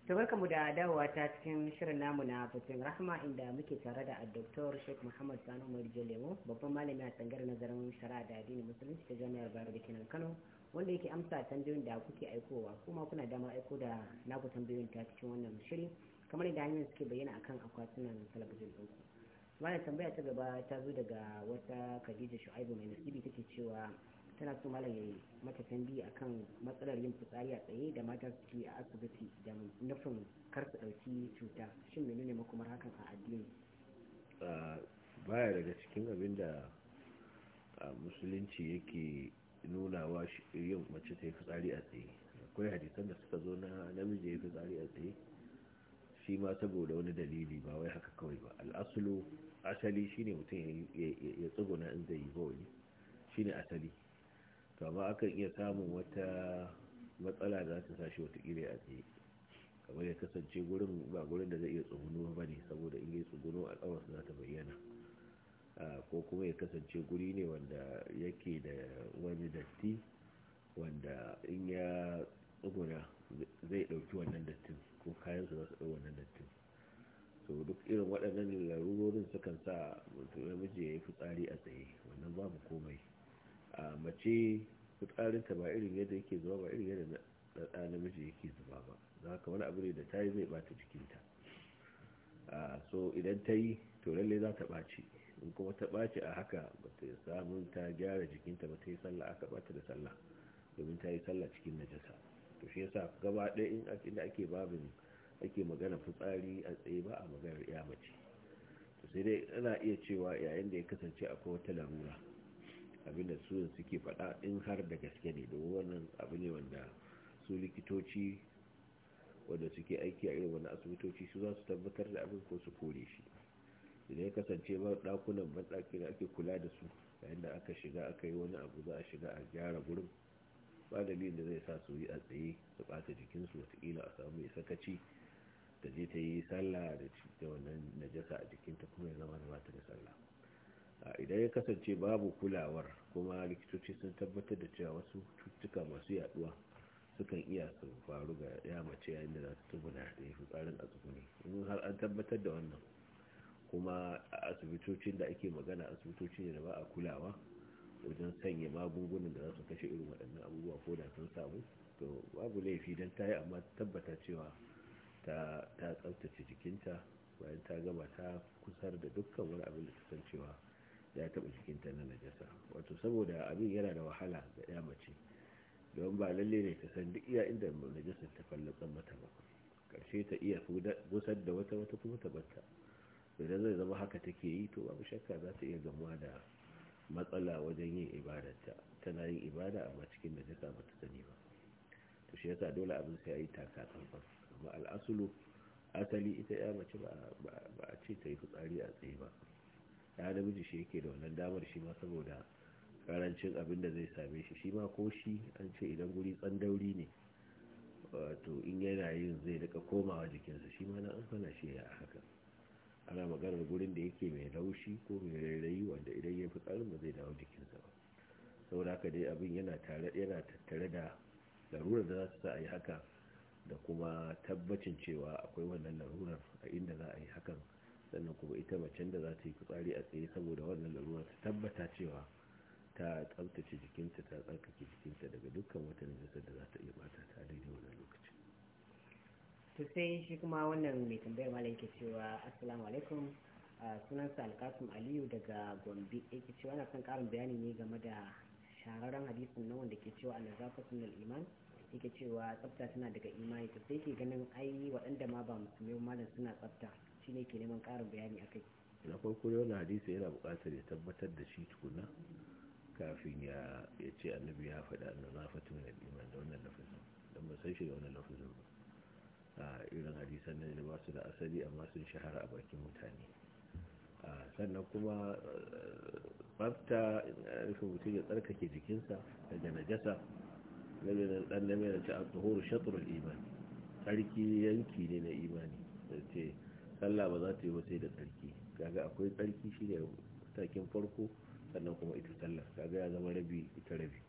tabarka mu da dawowa ta cikin shirin namu na fatin rahama inda muke tare da dr sheikh muhammad sanu marijo lemo babban malami a tsangar nazarin shari'a da addini musulunci ta jami'ar bayar da kenan kano wanda yake amsa tambayoyin da kuke aikowa kuma kuna damar aiko da naku tambayoyin ta cikin wannan shiri kamar yadda hanyar suke bayyana akan akwatunan talabijin ɗinku wannan tambaya ta gaba ta zo daga wata khadija shu'aibu mai nasibi take cewa tana so malam ya yi mata tambi a kan matsalar yin fitsari a tsaye da mata ke a asibiti da nufin kar su ɗauki cuta shin menene makomar hakan a addini baya daga cikin abin da musulunci yake nuna wa yin mace ta yi fitsari a tsaye akwai hadisan da suka zo na namiji ya yi fitsari a tsaye shi ma saboda wani dalili ba wai haka kawai ba al'asulu asali shine mutum ya tsuguna in zai yi wani shine asali kama akan iya samun wata matsala da ta sashi watakila a tsaye kamar ya kasance gurin ba gurin da zai iya tsuguno ba ne saboda in yi tsuguno a tsawon za ta bayyana ko kuma ya kasance guri ne wanda yake da wani datti wanda in ya tsuguna zai ɗauki wannan dattin ko su za su dauki wannan dattin so duk irin waɗannan larurorin sukan sa mutum namiji ya yi fitsari a tsaye wannan babu komai a mace fitsarinta ba irin yadda yake zuba ba irin yadda na namiji yake zuba ba za ka wani abu ne da ta yi zai bata jikinta so idan ta yi to lalle za ta ɓaci in kuma ta ɓaci a haka ba ta samun ta gyara jikinta ba ta yi sallah aka ɓata da sallah domin ta yi sallah cikin najasa to shi yasa gaba ɗaya in inda ake babin ake magana fitsari a tsaye ba a maganar ya mace to sai dai ana iya cewa yayin da ya kasance akwai wata larura abinda su suke faɗa in har da gaske ne domin wannan abu ne wanda su likitoci wanda suke aiki a irin wani asibitoci su za su tabbatar da abin ko su kore shi idan ya kasance ba ɗakunan banɗaki da ake kula da su yayin da aka shiga aka yi wani abu za a shiga a gyara gurin ba dalilin da zai sa su yi a tsaye su ɓata jikinsu watakila a samu mai sakaci da je ta yi sallah da wannan najasa a jikinta kuma ya zama da ba ta da sallah idan ya kasance babu kulawar kuma likitoci sun tabbatar da cewa wasu cututtuka masu yaduwa sukan iya su faru ga ya mace yayin da za su tubuna da ya fi tsarin a tsuguni in har an tabbatar da wannan kuma a asibitocin da ake magana asibitocin da ba a kulawa wajen sanya magungunan da za su kashe irin waɗannan abubuwa ko da sun samu to babu laifi don ta yi amma tabbata cewa ta tsabtace jikinta bayan ta gama ta kusar da dukkan wani abin da ta san cewa ya taɓa jikinta na najasa wato saboda abin yana da wahala ga ya mace don ba lalle ne ta san duk iya inda najasa ta fallatsan mata ba karshe ta iya gusar da wata wata kuma ta batta idan zai zama haka take yi to babu shakka za ta iya gamuwa da matsala wajen yin ibadarta tana yin ibada amma cikin najasa ba ta sani ba to shi yasa dole abin sai a yi taka tsantsan amma al'asulu asali ita ya mace ba a ce ta yi fitsari a tsaye ba ya namiji shi yake da wannan damar shi ma saboda karancin abin da zai same shi shi ma ko shi an ce idan guri tsandauri ne wato in yana yin zai daga komawa jikinsa shi ma na an sana shi ya haka ana maganar gurin da yake mai laushi ko mai rairayi wanda idan ya fi tsarin ba zai dawo jikinsa ba saboda haka dai abin yana tare yana tattare da larurar da za su sa a yi haka da kuma tabbacin cewa akwai wannan larurar a inda za a yi hakan ita macen da za ta yi fitsari a tsaye saboda wannan ruwa ta tabbata cewa ta tsabtace jikinta ta tsarkake jikinta daga dukkan wata najasar da za ta iya bata ta daidai wannan lokacin to sai shi kuma wannan mai tambayar malam yake cewa assalamu alaikum sunansa alkasim aliyu daga gombe yake cewa ana son karin bayani ne game da shahararren hadisin nan wanda ke cewa annazafatu sunan iman yake cewa tsafta tana daga imani to sai ke ganin ai waɗanda ma ba musulmi malam suna tsafta ne ke neman ƙarin bayani a kai na farko yau wani hadisi yana bukatar ya tabbatar da shi tukuna kafin ya ce annabi ya faɗa na fatu na iman da wannan lafazin don ba san shi da wannan lafazin ba a irin hadisan nan da ba su da asali amma sun shahara a bakin mutane sannan kuma eh, tsafta rufe mutum ya tsarkake jikinsa daga najasa ɗan na mai da ta a tsohoro shatrul iman tsarki yanki ne na imani da ce sallah ba za ta yi ba sai da tsarki kaga akwai tsarki shi ne matakin farko sannan kuma ita sallah kaga ya zama rabi ita rabi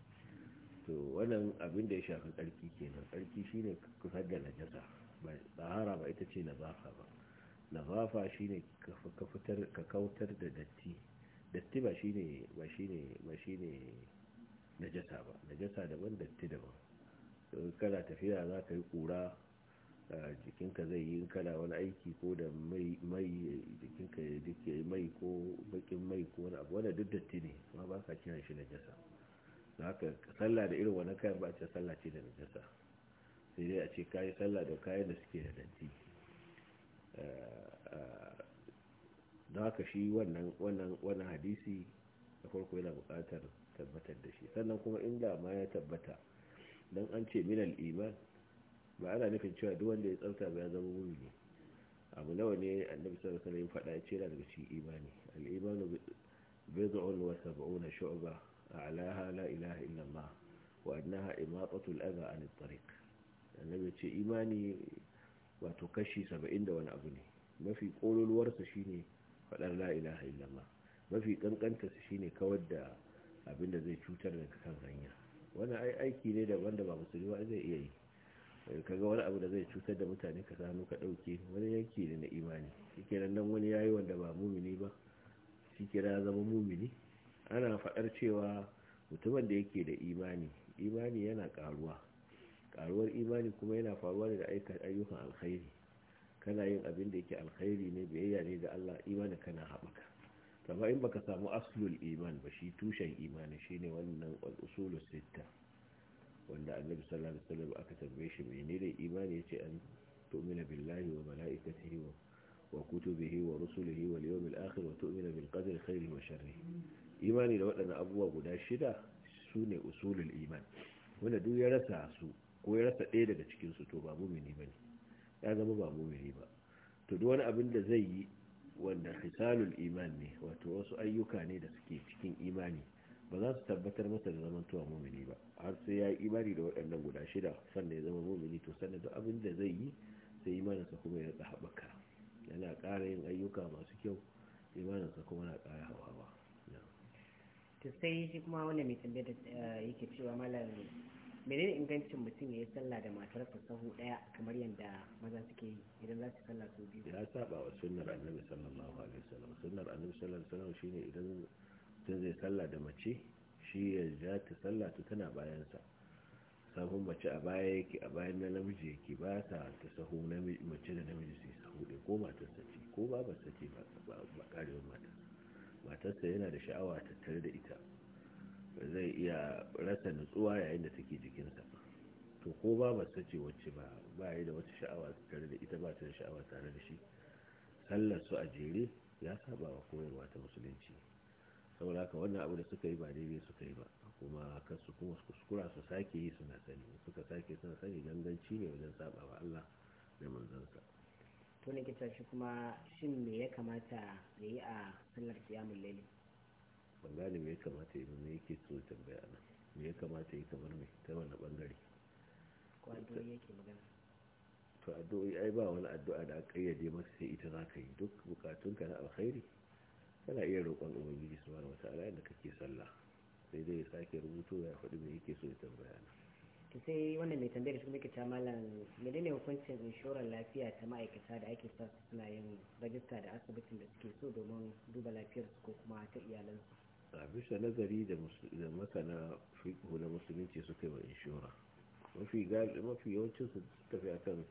to wannan abin da ya shafi tsarki kenan tsarki shi ne kusan da najasa ba tsahara ba ita ce zafa ba nazafa shine ka fitar ka kautar da datti datti ba ne ba ne ba ne najasa ba najasa daban datti daban kana tafiya za ka yi kura jikinka zai yi kana wani aiki ko da mai jikinka ya dike mai ko bakin mai ko wani abu wanda duk datti ne ma ba ka kiran shi najasa da haka sallah da irin wani kayan ba a ce sallah ce da najasa sai dai a ce yi sallah da kayan da suke da datti da haka shi wannan hadisi da farko yana bukatar tabbatar da shi sannan kuma inda ma ya tabbata don an ce minal iman ba ana nufin cewa duk wanda ya tsafta ba ya zama mumini abu nawa ne annabi sallallahu alaihi wasallam faɗa ce da daga cikin imani al-imanu bid'un wa sab'una shu'ba a'laha la ilaha illa Allah wa annaha imatatu al-adha 'an at-tariq annabi ce imani wato kashi 70 da wani abu ne mafi sa shine faɗar la ilaha illa Allah mafi kankanta shine kawar da abinda zai cutar da kan hanya wannan ai aiki ne daban da ba musulmi ba zai iya yi kaga wani abu da zai cutar da mutane ka samu ka dauke wani yanki ne na imani shi nan wani yayi wanda ba mumini ba shi ya zama mumini ana fadar cewa mutumin da yake da imani imani yana karuwa karuwar imani kuma yana faruwa ne da ayyukan alkhairi kana yin abin da yake alkhairi ne biyayya ne da Allah imani kana haɓaka amma in baka samu aslul iman ba shi tushen imani shine wannan usulus sittah wanda annabi sallallahu alaihi wasallam aka tambaye shi menene imani yace an tu'mina billahi wa mala'ikatihi wa wa kutubihi wa rusulihi wal yawmil akhir wa tu'mina bil qadri khairihi wa sharrihi imani da waɗannan abubuwa guda shida sune usulul iman wanda duk ya rasa su ko ya rasa ɗaya daga cikin su to ba mumini bane ya zama ba mumini ba to duk wani abin da zai yi wanda hisalul iman ne wato wasu ayyuka ne da suke cikin imani ba za su tabbatar masa da zaman tuwa mummini ba har sai ya yi imani da waɗannan guda shida sannan ya zama mummini to sannan duk abin da zai yi sai imaninsa kuma ya tsaha haɓaka yana ƙara yin ayyuka masu kyau imaninsa kuma na ƙara hauhawa. to sai shi kuma wanda mai tambayar da eh, yake cewa malam menene ingancin mutum ya yi sallah da matarsa sahu daya kamar yadda maza suke yi idan za su sallah su biyu ya saba wa sunnar annabi sallallahu alaihi wasallam sunnar annabi sallallahu alaihi wasallam shine idan tun zai sallah da mace shi ya ja ta sallah ta tana bayansa sahun mace a baya yake a bayan na namiji yake ba ta ta sahu mace da namiji sai sahu ɗin ko matarsa ce ko ba ba ce ba ƙarewar mata matarsa yana da sha'awa tattare da ita ba zai iya rasa nutsuwa yayin da take jikinsa to ko ba ba ce wacce ba ba yi da wata sha'awa tattare da ita ba ta da sha'awa tare da shi sallar su a jere ya saba wa koyarwa ta musulunci saboda haka wannan abu da suka yi ba daidai suka yi ba kuma su kuma kuskura su sake yi suna sani suka sake suna sani ganganci ne wajen saba wa Allah da manzansa to ne kita shi kuma shin me ya kamata ya yi a sallar qiyamul layl ban gane me ya kamata ya ne yake so tambaya nan me ya kamata ya kamar me ta wani bangare ko addu'o'i yake magana to ai ba wani addu'a da aka kayyade masa sai ita zaka yi duk bukatunka na alkhairi kana iya roƙon ubangiji su mara wata ala da kake sallah sai dai sake rubuto ya faɗi mai yake so ya tambaya na to sai wannan mai tambayar shi muke ta malam menene hukuncin inshorar lafiya ta ma'aikata da ake sa suna yin rajista da asibitin da suke so domin duba lafiyar su ko kuma ta iyalansu a bisa nazari da masana fiƙo na musulunci suka yi wa inshora mafi yawancin su tafi akan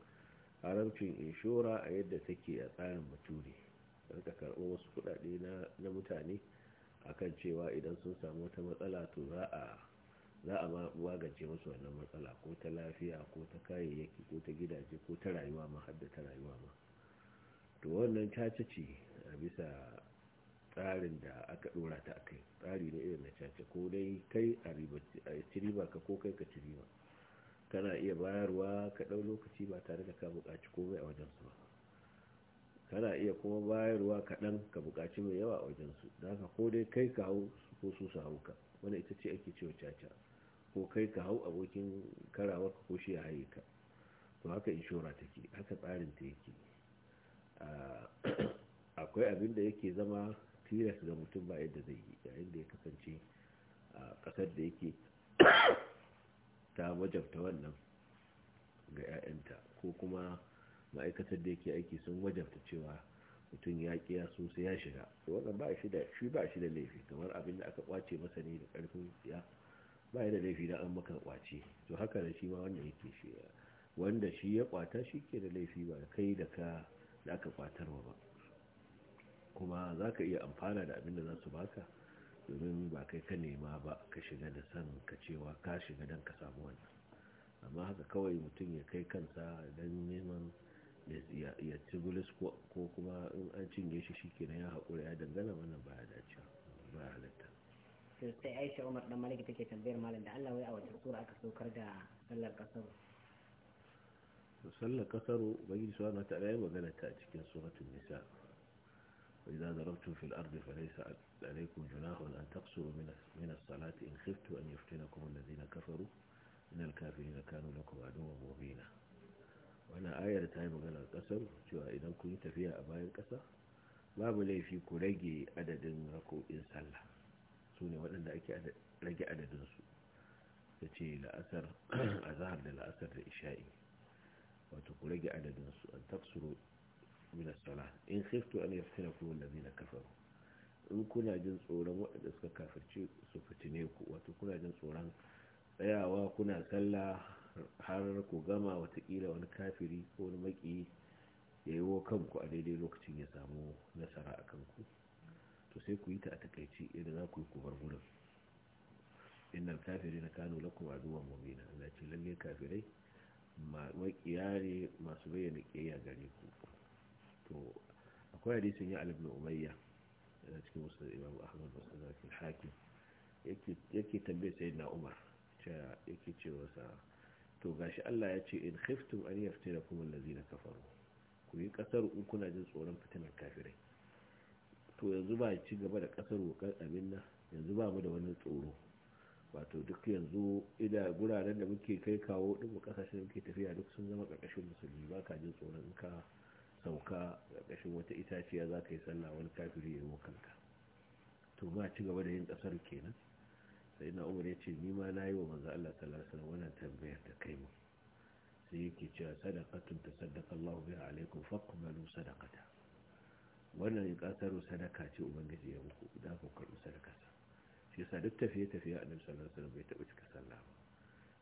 haramcin inshora a yadda take a tsarin bature rika karɓo wasu kuɗaɗe na mutane akan cewa idan sun samu wata matsala to za a za a magance musu wannan matsala ko ta lafiya ko ta kayayyaki ko ta gidaje ko ta rayuwa ma hadda ta rayuwa ma to wannan caca ce a bisa tsarin da aka ɗora ta kai tsari ne irin na caca ko dai kai a ciriba ka ko kai ka ciriba kana iya bayarwa ka ɗau lokaci ba tare da ka buƙaci komai a wajen su ba kana iya kuma bayarwa kaɗan ka buƙaci mai yawa a wajensu da haka ko dai kai ka hau ko su su hau ka wani ita ce ake cewa caca ko kai ka hau abokin ka ko shi ya haye ka to haka inshora take haka tsarin ta yake akwai abin da yake zama tilas ga mutum ba yadda zai yi yayin da ya kasance a ƙasar da yake ta wajabta wannan ga 'ya'yanta ko kuma ma'aikatar da yake aiki sun wajabta cewa mutum ya kiya sosai ya shiga wannan ba shi da shi ba shi da laifi kamar abin da aka kwace masa ne da karfin ya ba da laifi da an maka kwace to haka da shi ma wanda yake shi wanda shi ya kwata shi ke da laifi ba kai da ka da aka kwatarwa ba kuma za ka iya amfana da abin da za su baka domin ba kai ka nema ba ka shiga da san ka cewa ka shiga don ka samu wannan amma haka kawai mutum ya kai kansa don neman ya ci bulis ko kuma in an cinye shi shi kenan ya haƙura ya dangana wannan ba ya dace ba halatta sai aisha umar dan maliki take tambayar malam da allah wai a wacce sura aka saukar da sallar kasar sallar kasar ubangiji suwa na ta'ala ya magana ta a cikin suratun nisa وإذا ضربتم في الأرض فليس عليكم جناح أن تقصروا من الصلاة إن خفتوا أن يفتنكم الذين كفروا إن الكافرين كانوا لكم عدوا مبينا wani ayar ta yi maganar kasar cewa idan kun yi tafiya a bayan kasa babu laifi ku rage adadin rako'in sallah su ne waɗanda ake rage adadinsu ta ce la'asar a zahar da la'asar da isha'i wato ku rage adadinsu an tafsiro minas sala in khiftu an yaftina kuma na kafaru in kuna jin tsoron waɗanda suka kafarci su fitine ku wato kuna jin tsoron tsayawa kuna sallah har ku gama watakila wani kafiri ko wani maki ya yi wa kanku a daidai lokacin ya samu nasara a kanku to sai ku yi ta a takaici idan za ku yi kubar gudun inna kafiri na kano lakum aduwan mumina Allah ce lalle kafirai makiya ne masu bayyana kiyayya gare ku to akwai hadisin ya alibin umayya da cikin musul imam ahmad musul zafi hakim yake tambaye na umar yake cewa sa. to gashi Allah ya ce in khiftum an yaftinakum allazina kafaru ku yi kasar ku kuna jin tsoron fitinar kafirai to yanzu ba ci gaba da kasar wukan abin na yanzu ba mu da wani tsoro wato duk yanzu ida guraren da muke kai kawo duk kasashen da muke tafiya duk sun zama karkashin musulmi ba ka jin tsoron ka sauka karkashin wata itaciya za ka yi sallah wani kafiri ya yi kanka to ba ci gaba da yin ƙasar kenan sai na umar ya ce ni ma na yi wa manzo Allah sallallahu alaihi wannan tambayar da kai mu sai yake cewa sadaqatun tasaddaqa Allah biha alaikum faqbalu sadaqata wannan ya kasaro sadaka ce ubangiji ya muku idan ku karbi sadakarsa shi yasa duk tafiye tafiye annabi sallallahu alaihi wasallam bai taɓa cika sallah ba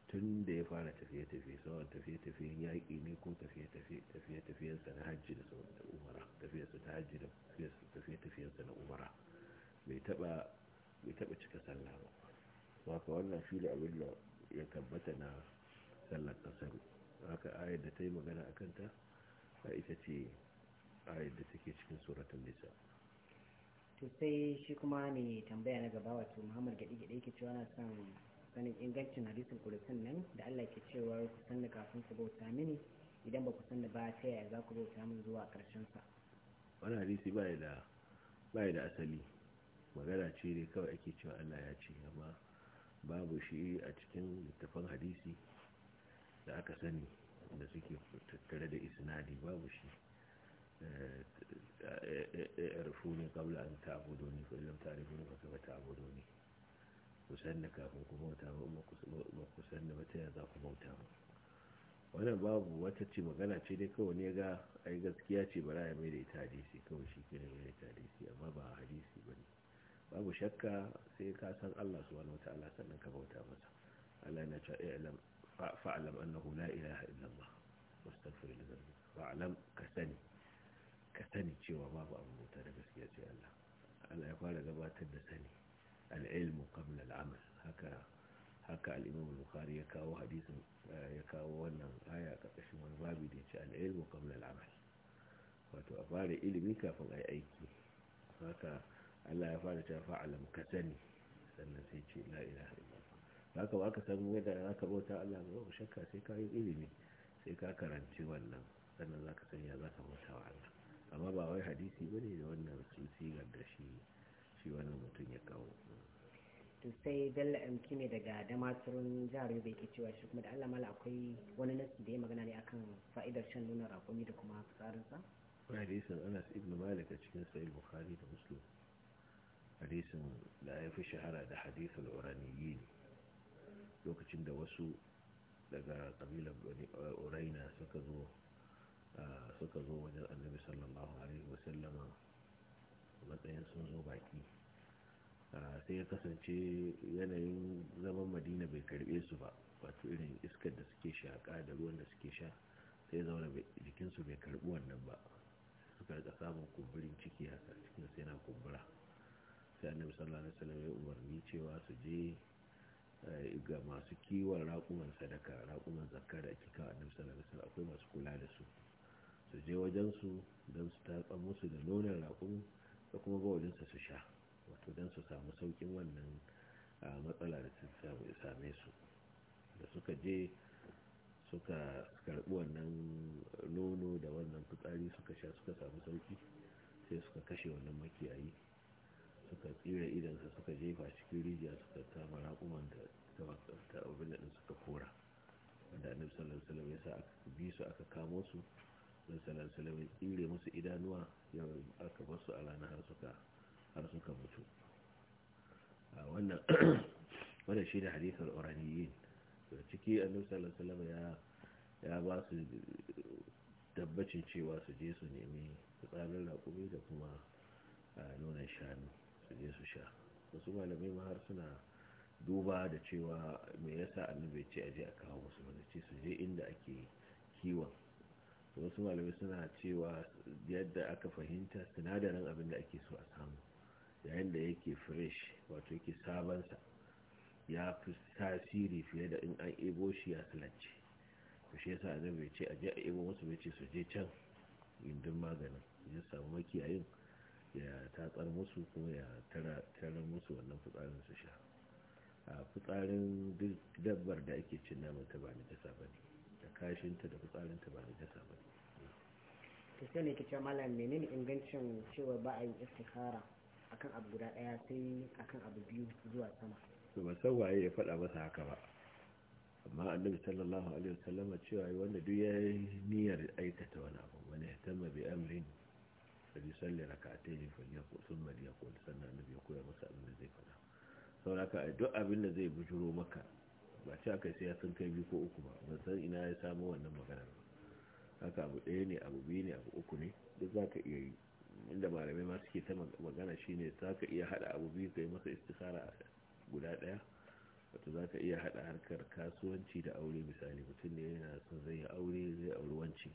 tun da ya fara tafiye tafiye sauran tafiye tafiyen yaƙi ne ko tafiye tafiye tafiyensa na hajji da sauran da umara tafiyarsa ta hajji da tafiye tafiyensa na umara bai taɓa cika sallah ba haka wannan shi ne abin da ya tabbata na sallar kasar haka ayar da ta yi magana a kanta a ita ce ayar da take cikin suratun nisa to sai shi kuma ne tambaya na gaba wato muhammad gaɗi gaɗi yake cewa na san sanin ingancin hadisin kulisin nan da allah ke cewa ku da kafin ku bauta mini idan ba ku da ba ta yaya za ku bauta min zuwa ƙarshen sa wani hadisi ba da asali magana ce ne kawai ake cewa allah ya ce amma babu shi a cikin littafin hadisi da aka sani da suke tattare da isnadi babu shi rufu ne kabla an ta'abudu ne ko ilam ta'arifu ne kafa ta'abudu ne kusan da kafin ku bauta ba kusan da mata yanzu ku bauta ba wannan babu wata ce magana ce dai kawai ne ga ai gaskiya ce bara ya mai da ita hadisi kawai shi ke mai da ita hadisi amma ba hadisi ba ne babu shakka sai ka san Allah subhanahu wataala sannan ka bauta masa Allah yana cewa i'lam fa'lam annahu la ilaha illa wastaghfir li dhanbi fa'lam ka sani ka sani cewa babu abu bauta da gaskiya sai Allah Allah ya fara gabatar da sani al-ilmu qabla al-amal haka haka al-imam al-bukhari ya kawo hadisin eh, ya kawo wannan aya karkashin wani babu da ya ce al-ilmu qabla al-amal wato a fara ilimi kafin a yi aiki haka Allah ya fara ta fa'alam ka sani sannan sai ce la ilaha illallah haka ba ka san yadda za ka bauta Allah ba ba shakka sai ka yi ilimi sai ka karanci wannan sannan za ka san ya za ka bauta wa Allah amma ba wai hadisi ba ne da wannan sun sigar da shi shi wannan mutum ya kawo to sai dalla amki ne daga damatsurun jihar yobe ke cewa shi kuma da allah mala akwai wani nasi da ya magana ne akan fa'idar shan nuna rakumi da kuma fitsarinsa hadisin anas ibn malik a cikin sahih bukhari da muslim hadisin da ya fi shahara da hadisul uraniyin lokacin da wasu daga kabilan uraina suka zo suka zo wajen annabi sallallahu alaihi wasallama matsayin sun zo baki sai ya kasance yanayin zaman madina bai karbe su ba wato irin iskar da suke shaƙa da ruwan da suke sha sai zaune jikinsu bai karbi wannan ba suka rika samun kumburin ciki haka cikin sai na kumbura sai annabi sallallahu ya umarni cewa su je eh, ga masu kiwon raƙuman sadaka raƙuman zakka da ake kawo annabi sallallahu akwai masu kula da su su je wajen don su taɓa musu da nonon raƙumi da kuma wajensu su sha wato don su samu saukin wannan matsala da su same su da suka je suka karɓi wannan nono da wannan fitsari suka sha suka samu sauki sai suka kashe wannan makiyayi suka tsira idansa suka jefa cikin rijiya suka kama raƙuman da ta abin da suka kora da annabi sallallahu alaihi wasallam ya sa aka bi su aka kamo su da sallallahu alaihi wasallam ya tsire musu idanuwa ya aka bar su a ranar har suka har suka mutu a wannan wannan shi da hadithar uraniyin da ciki annabi sallallahu alaihi wasallam ya ya ba su tabbacin cewa su je su nemi fitsarin raƙumi da kuma nonon shanu su je su sha wasu malamai ma har suna duba da cewa me yasa annabi ce aje a kawo musu ba ce su je inda ake kiwon wasu malamai suna cewa yadda aka fahimta sinadarin abin da ake so a samu yayin da yake fresh wato yake sabansa ya fi tasiri fiye da in an ebo shi ya silace ku shi yasa annabi ce aje a ebo musu bai ce su je can indin maganin ya samu makiyayin ya tatsar musu ko ya tara musu wannan fitsarin su sha a fitsarin duk dabbar da ake cin namun ta ba najasa ba ne da kashinta da fitsarin ta ba najasa ba ne to sai ne kice malam menene ingancin cewa ba a yi istikhara akan abu guda daya sai akan abu biyu zuwa sama to ba san waye ya faɗa masa haka ba amma annabi sallallahu alaihi wasallam cewa wanda duk ya niyyar aikata wani abu wani ya tamma bi amrin da bi salli rakatai ne fa ko sun mali ya na sannan ya koya masa abin da zai faɗa sauraka eh, duk abin da zai bujuro maka ba ci aka sai ya sun kai biyu ko uku ba ban san ina ya samu wannan maganar ba haka abu ɗaya ne abu biyu ne abu uku ne duk za iya yi inda malamai ma suke ta magana shine za ka iya hada abu biyu ka yi masa istihara guda ɗaya wato za ka iya haɗa harkar kasuwanci da aure misali mutum ne yana son zai yi aure zai auri wanci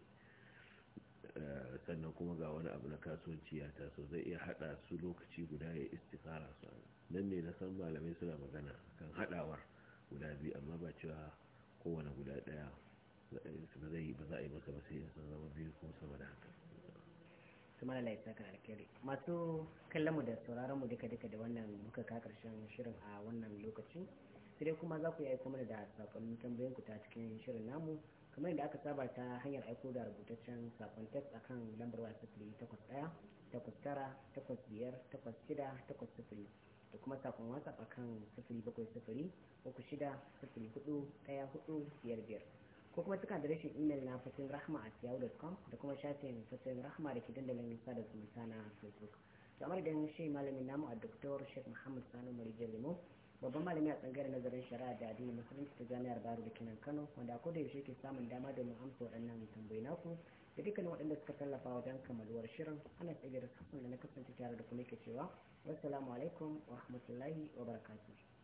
Eh, sannan kuma ga wani abu na kasuwanci ya taso zai iya hada su lokaci guda ya istikara su nan ne na san malamai suna magana kan hadawar guda biyu amma ba cewa kowane guda daya ba zai ba za a yi masa ba sai sun zama biyu ko sama da haka su laifin saka alkhairi masu kallon mu da sauraron mu duka duka da wannan muka ka karshen shirin a wannan lokacin sai dai kuma za ku yi aiko mana da sakonnin tambayoyin ku ta cikin shirin namu kamar yadda aka saba ta hanyar aiko da rubutaccen sakon text kan lambar waya sifili takwas ɗaya takwas tara takwas biyar takwas shida takwas sifili da kuma sakon whatsapp kan sifili bakwai sifili uku shida sifili hudu ɗaya hudu biyar biyar ko kuma suka da rashin imel na fasin rahma a yahoo.com da kuma shafin fasin rahma da ke dandalin sada zumunta na facebook kamar da shi malamin namu a doktor sheikh muhammad sanu marijan limo babban malami a tsangare nazarin shari'a da addini musulunci ta jami'ar baro da kenan kano wanda a koda yaushe ke samun dama domin amsa waɗannan tambayi naku da dukkanin waɗanda suka tallafa wajen kammaluwar shirin ana tsaye da da na kasance tare da kuma ke cewa wassalamu alaikum wa rahmatullahi wa barakatuh